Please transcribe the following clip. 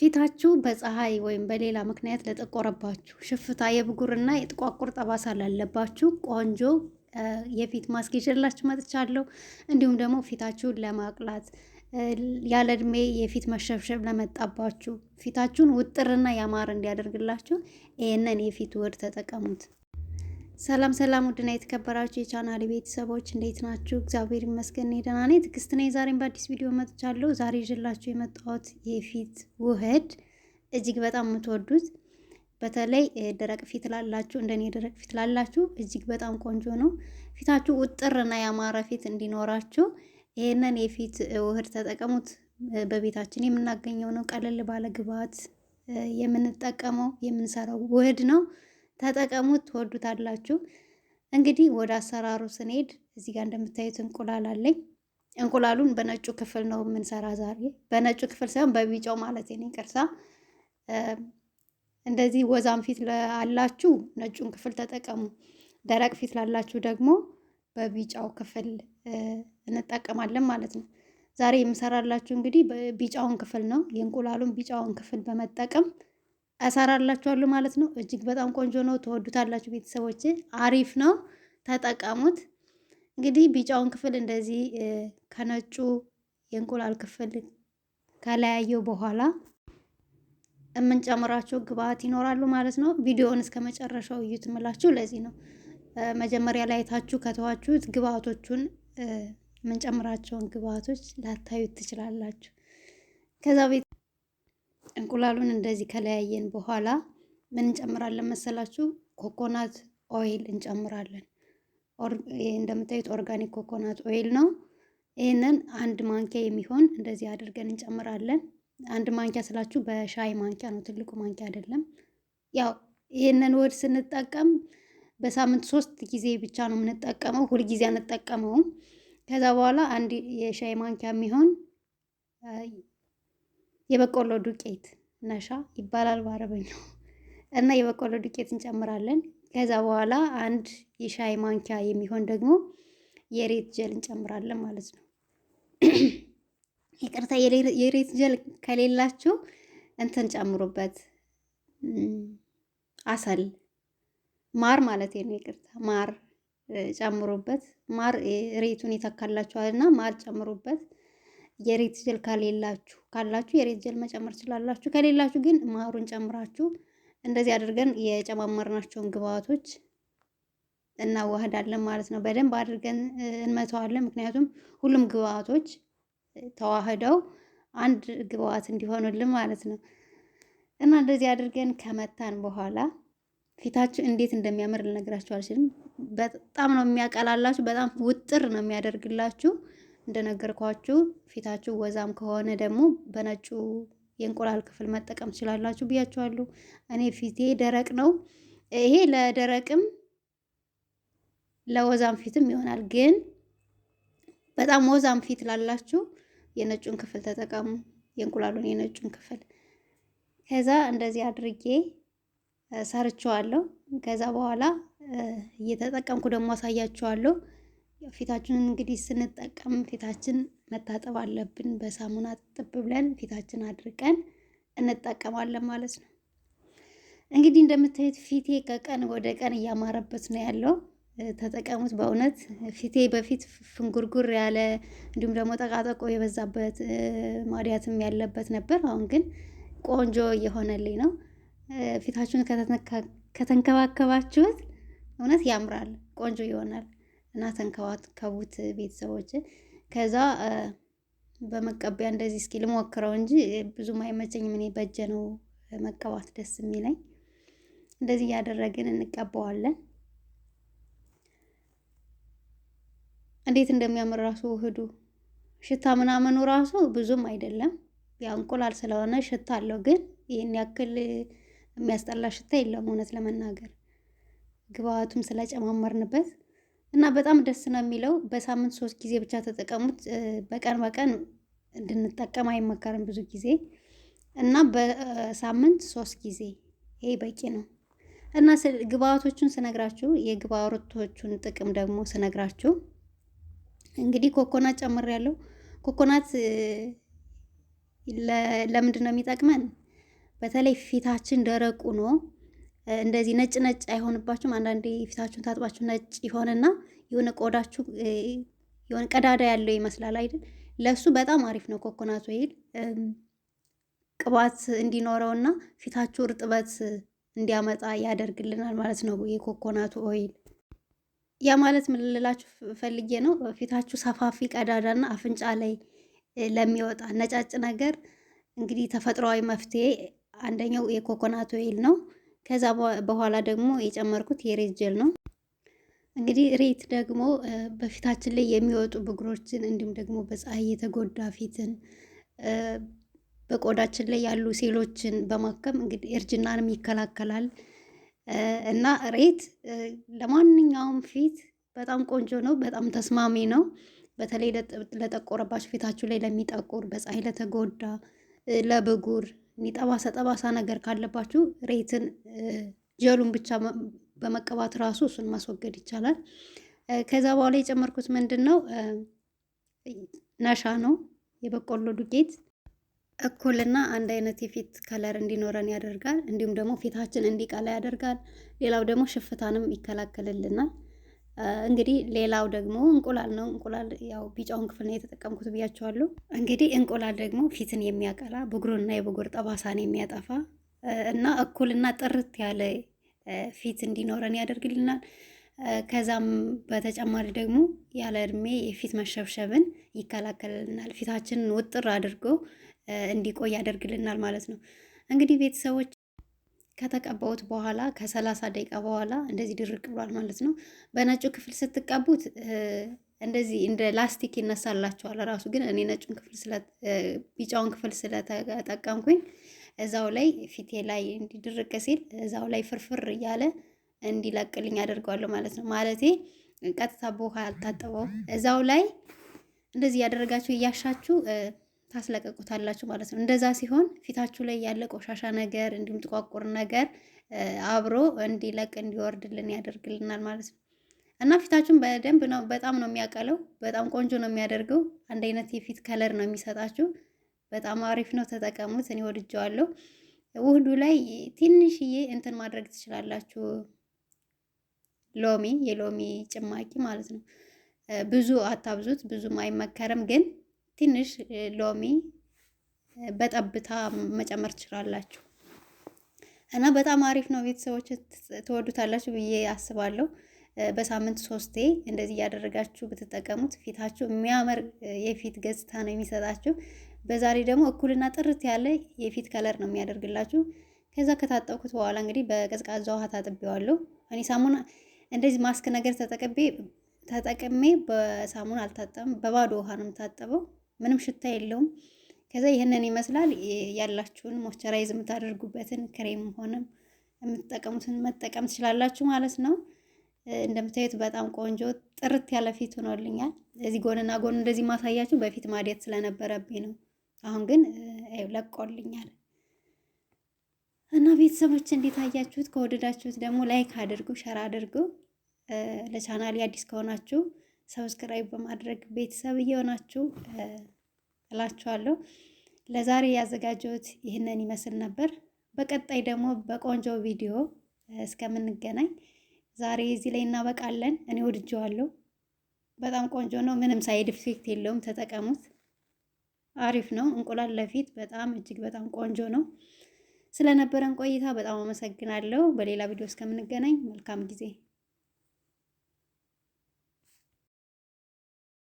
ፊታችሁ በፀሐይ ወይም በሌላ ምክንያት ለጠቆረባችሁ፣ ሽፍታ፣ የብጉርና የጥቋቁር ጠባሳ ላለባችሁ ቆንጆ የፊት ማስክ ይዤላችሁ መጥቻለሁ። እንዲሁም ደግሞ ፊታችሁን ለማቅላት ያለ እድሜ የፊት መሸብሸብ ለመጣባችሁ ፊታችሁን ውጥርና ያማረ እንዲያደርግላችሁ ይህንን የፊት ውህድ ተጠቀሙት። ሰላም ሰላም፣ ውድና የተከበራችሁ የቻናል ቤተሰቦች እንዴት ናችሁ? እግዚአብሔር ይመስገን እኔ ደህና ነኝ። ትዕግስት ነኝ። ዛሬም በአዲስ ቪዲዮ መጥቻለሁ። ዛሬ ይዤላችሁ የመጣሁት የፊት ውህድ እጅግ በጣም የምትወዱት በተለይ ደረቅ ፊት ላላችሁ እንደኔ ደረቅ ፊት ላላችሁ እጅግ በጣም ቆንጆ ነው። ፊታችሁ ውጥርና ያማረ ፊት እንዲኖራችሁ ይህንን የፊት ውህድ ተጠቀሙት። በቤታችን የምናገኘው ነው። ቀለል ባለ ግብዓት የምንጠቀመው የምንሰራው ውህድ ነው። ተጠቀሙት፣ ትወዱታላችሁ። እንግዲህ ወደ አሰራሩ ስንሄድ እዚህ ጋር እንደምታዩት እንቁላል አለኝ። እንቁላሉን በነጩ ክፍል ነው የምንሰራ ዛሬ። በነጩ ክፍል ሳይሆን በቢጫው ማለት ነው። ቅርሳ እንደዚህ ወዛም ፊት ላላችሁ ነጩን ክፍል ተጠቀሙ። ደረቅ ፊት ላላችሁ ደግሞ በቢጫው ክፍል እንጠቀማለን ማለት ነው። ዛሬ የምሰራላችሁ እንግዲህ ቢጫውን ክፍል ነው። የእንቁላሉን ቢጫውን ክፍል በመጠቀም እሰራላችኋለሁ ማለት ነው። እጅግ በጣም ቆንጆ ነው፣ ትወዱታላችሁ ቤተሰቦች፣ አሪፍ ነው፣ ተጠቀሙት። እንግዲህ ቢጫውን ክፍል እንደዚህ ከነጩ የእንቁላል ክፍል ከለያየው በኋላ የምንጨምራቸው ግብአት ይኖራሉ ማለት ነው። ቪዲዮውን እስከ መጨረሻው እዩት ምላችሁ ለዚህ ነው መጀመሪያ ላይ አይታችሁ ከተዋችሁት ግብአቶቹን የምንጨምራቸውን ግብአቶች ላታዩት ትችላላችሁ። ከዛ እንቁላሉን እንደዚህ ከለያየን በኋላ ምን እንጨምራለን መሰላችሁ? ኮኮናት ኦይል እንጨምራለን። እንደምታዩት ኦርጋኒክ ኮኮናት ኦይል ነው። ይህንን አንድ ማንኪያ የሚሆን እንደዚህ አድርገን እንጨምራለን። አንድ ማንኪያ ስላችሁ በሻይ ማንኪያ ነው፣ ትልቁ ማንኪያ አይደለም። ያው ይህንን ወድ ስንጠቀም በሳምንት ሶስት ጊዜ ብቻ ነው የምንጠቀመው፣ ሁልጊዜ አንጠቀመውም። ከዛ በኋላ አንድ የሻይ ማንኪያ የሚሆን የበቆሎ ዱቄት ነሻ ይባላል በአረበኛው እና የበቆሎ ዱቄት እንጨምራለን። ከዛ በኋላ አንድ የሻይ ማንኪያ የሚሆን ደግሞ የሬት ጀል እንጨምራለን ማለት ነው። ይቅርታ የሬት ጀል ከሌላችሁ እንትን ጨምሩበት፣ አሰል ማር ማለት ነው። ይቅርታ ማር ጨምሩበት። ማር ሬቱን እና ማር ጨምሩበት። የሬት ጀል ካሌላችሁ ካላችሁ የሬት ጀል መጨመር ትችላላችሁ። ከሌላችሁ ግን ማሩን ጨምራችሁ እንደዚህ አድርገን የጨማመርናቸውን ግብአቶች እናዋህዳለን ማለት ነው። በደንብ አድርገን እንመተዋለን። ምክንያቱም ሁሉም ግብአቶች ተዋህደው አንድ ግብአት እንዲሆኑልን ማለት ነው። እና እንደዚህ አድርገን ከመታን በኋላ ፊታችሁ እንዴት እንደሚያምር ልነግራችሁ አልችልም። በጣም ነው የሚያቀላላችሁ። በጣም ውጥር ነው የሚያደርግላችሁ። እንደነገርኳችሁ ፊታችሁ ወዛም ከሆነ ደግሞ በነጩ የእንቁላል ክፍል መጠቀም ትችላላችሁ ብያችኋለሁ። እኔ ፊቴ ደረቅ ነው። ይሄ ለደረቅም ለወዛም ፊትም ይሆናል። ግን በጣም ወዛም ፊት ላላችሁ የነጩን ክፍል ተጠቀሙ፣ የእንቁላሉን የነጩን ክፍል። ከዛ እንደዚህ አድርጌ ሰርቸዋለሁ። ከዛ በኋላ እየተጠቀምኩ ደግሞ አሳያችኋለሁ። ፊታችንን እንግዲህ ስንጠቀም ፊታችን መታጠብ አለብን። በሳሙና ጥብ ብለን ፊታችን አድርቀን እንጠቀማለን ማለት ነው። እንግዲህ እንደምታዩት ፊቴ ከቀን ወደ ቀን እያማረበት ነው ያለው። ተጠቀሙት በእውነት ፊቴ በፊት ፍንጉርጉር ያለ እንዲሁም ደግሞ ጠቃጠቆ የበዛበት ማዲያትም ያለበት ነበር። አሁን ግን ቆንጆ እየሆነልኝ ነው። ፊታችሁን ከተንከባከባችሁት እውነት ያምራል፣ ቆንጆ ይሆናል። እና ተንከባከቡት ቤተሰቦች። ከዛ በመቀቢያ እንደዚህ እስኪ ልሞክረው እንጂ ብዙም አይመቸኝም። እኔ በእጄ ነው መቀባት ደስ የሚለኝ። እንደዚህ እያደረግን እንቀባዋለን። እንዴት እንደሚያምር ራሱ ውህዱ ሽታ ምናምኑ ራሱ ብዙም አይደለም። ያው እንቁላል ስለሆነ ሽታ አለው፣ ግን ይህን ያክል የሚያስጠላ ሽታ የለውም እውነት ለመናገር ግብአቱም ስለጨማመርንበት እና በጣም ደስ ነው የሚለው። በሳምንት ሶስት ጊዜ ብቻ ተጠቀሙት። በቀን በቀን እንድንጠቀም አይመከርም ብዙ ጊዜ እና በሳምንት ሶስት ጊዜ ይሄ በቂ ነው። እና ግብአቶቹን ስነግራችሁ የግብአቶቹን ጥቅም ደግሞ ስነግራችሁ እንግዲህ ኮኮናት ጨምር ያለው ኮኮናት ለምንድን ነው የሚጠቅመን? በተለይ ፊታችን ደረቁ ነው እንደዚህ ነጭ ነጭ አይሆንባችሁም። አንዳንዴ ፊታችሁን ታጥባችሁ ነጭ ይሆንና የሆነ ቆዳችሁ የሆነ ቀዳዳ ያለው ይመስላል አይደል? ለእሱ በጣም አሪፍ ነው ኮኮናት ኦይል ቅባት እንዲኖረውና ፊታችሁ እርጥበት እንዲያመጣ ያደርግልናል ማለት ነው የኮኮናቱ ኦይል። ያ ማለት ምን ልላችሁ ፈልጌ ነው፣ ፊታችሁ ሰፋፊ ቀዳዳና አፍንጫ ላይ ለሚወጣ ነጫጭ ነገር እንግዲህ ተፈጥሯዊ መፍትሄ አንደኛው የኮኮናት ኦይል ነው። ከዛ በኋላ ደግሞ የጨመርኩት የሬት ጀል ነው። እንግዲህ ሬት ደግሞ በፊታችን ላይ የሚወጡ ብጉሮችን እንዲሁም ደግሞ በፀሐይ የተጎዳ ፊትን በቆዳችን ላይ ያሉ ሴሎችን በማከም እንግዲህ እርጅናንም ይከላከላል እና ሬት ለማንኛውም ፊት በጣም ቆንጆ ነው። በጣም ተስማሚ ነው። በተለይ ለጠቆረባችሁ ፊታችሁ ላይ ለሚጠቁር፣ በፀሐይ ለተጎዳ፣ ለብጉር ጠባሳ ጠባሳ ነገር ካለባችሁ ሬትን ጀሉን ብቻ በመቀባት ራሱ እሱን ማስወገድ ይቻላል። ከዛ በኋላ የጨመርኩት ምንድን ነው ነሻ ነው የበቆሎ ዱቄት እኩልና አንድ አይነት የፊት ከለር እንዲኖረን ያደርጋል። እንዲሁም ደግሞ ፊታችን እንዲቀላ ያደርጋል። ሌላው ደግሞ ሽፍታንም ይከላከልልናል። እንግዲህ ሌላው ደግሞ እንቁላል ነው። እንቁላል ያው ቢጫውን ክፍል ነው የተጠቀምኩት ብያቸዋለሁ። እንግዲህ እንቁላል ደግሞ ፊትን የሚያቀላ ብጉርና የብጉር ጠባሳን የሚያጠፋ እና እኩልና ጥርት ያለ ፊት እንዲኖረን ያደርግልናል። ከዛም በተጨማሪ ደግሞ ያለ እድሜ የፊት መሸብሸብን ይከላከልልናል። ፊታችንን ውጥር አድርጎ እንዲቆይ ያደርግልናል ማለት ነው። እንግዲህ ቤተሰቦች ። ከተቀባሁት በኋላ ከሰላሳ ደቂቃ በኋላ እንደዚህ ድርቅ ብሏል ማለት ነው። በነጩ ክፍል ስትቀቡት እንደዚህ እንደ ላስቲክ ይነሳላቸዋል ራሱ። ግን እኔ ነጩን ክፍል ቢጫውን ክፍል ስለተጠቀምኩኝ እዛው ላይ ፊቴ ላይ እንዲድርቅ ሲል እዛው ላይ ፍርፍር እያለ እንዲለቅልኝ አደርገዋለሁ ማለት ነው። ማለቴ ቀጥታ በውሃ አልታጠበው እዛው ላይ እንደዚህ እያደረጋችሁ እያሻችሁ ታስለቀቁታላችሁ ማለት ነው። እንደዛ ሲሆን ፊታችሁ ላይ ያለ ቆሻሻ ነገር እንዲሁም ጥቋቁር ነገር አብሮ እንዲለቅ እንዲወርድልን ያደርግልናል ማለት ነው። እና ፊታችሁን በደንብ ነው በጣም ነው የሚያቀለው። በጣም ቆንጆ ነው የሚያደርገው። አንድ አይነት የፊት ከለር ነው የሚሰጣችሁ። በጣም አሪፍ ነው፣ ተጠቀሙት። እኔ ወድጀዋለሁ። ውህዱ ላይ ትንሽዬ እንትን ማድረግ ትችላላችሁ፣ ሎሚ የሎሚ ጭማቂ ማለት ነው። ብዙ አታብዙት፣ ብዙም አይመከርም ግን ትንሽ ሎሚ በጠብታ መጨመር ትችላላችሁ እና በጣም አሪፍ ነው። ቤተሰቦች ትወዱታላችሁ ብዬ አስባለሁ። በሳምንት ሶስቴ እንደዚህ እያደረጋችሁ ብትጠቀሙት ፊታችሁ የሚያምር የፊት ገጽታ ነው የሚሰጣችሁ። በዛሬ ደግሞ እኩልና ጥርት ያለ የፊት ከለር ነው የሚያደርግላችሁ። ከዛ ከታጠብኩት በኋላ እንግዲህ በቀዝቃዛ ውሃ ታጥቤዋለሁ። እኔ ሳሙና እንደዚህ ማስክ ነገር ተጠቅሜ በሳሙና አልታጠብም፣ በባዶ ውሃ ነው የምታጠበው። ምንም ሽታ የለውም። ከዛ ይህንን ይመስላል። ያላችሁን ሞይስቸራይዝ የምታደርጉበትን ክሬም ሆነም የምትጠቀሙትን መጠቀም ትችላላችሁ ማለት ነው። እንደምታዩት በጣም ቆንጆ ጥርት ያለ ፊት ሆኖልኛል። እዚህ ጎንና ጎን እንደዚህ ማሳያችሁ በፊት ማዴት ስለነበረብኝ ነው። አሁን ግን ለቆልኛል እና ቤተሰቦች እንዴት አያችሁት? ከወደዳችሁት ደግሞ ላይክ አድርጉ፣ ሸር አድርጉ። ለቻናሌ አዲስ ከሆናችሁ ሰብስክራይብ በማድረግ ቤተሰብ እየሆናችሁ እላችኋለሁ። ለዛሬ ያዘጋጀሁት ይህንን ይመስል ነበር። በቀጣይ ደግሞ በቆንጆ ቪዲዮ እስከምንገናኝ ዛሬ እዚህ ላይ እናበቃለን። እኔ ወድጀዋለሁ። በጣም ቆንጆ ነው። ምንም ሳይድ ኢፌክት የለውም። ተጠቀሙት። አሪፍ ነው። እንቁላል ለፊት በጣም እጅግ በጣም ቆንጆ ነው። ስለነበረን ቆይታ በጣም አመሰግናለሁ። በሌላ ቪዲዮ እስከምንገናኝ መልካም ጊዜ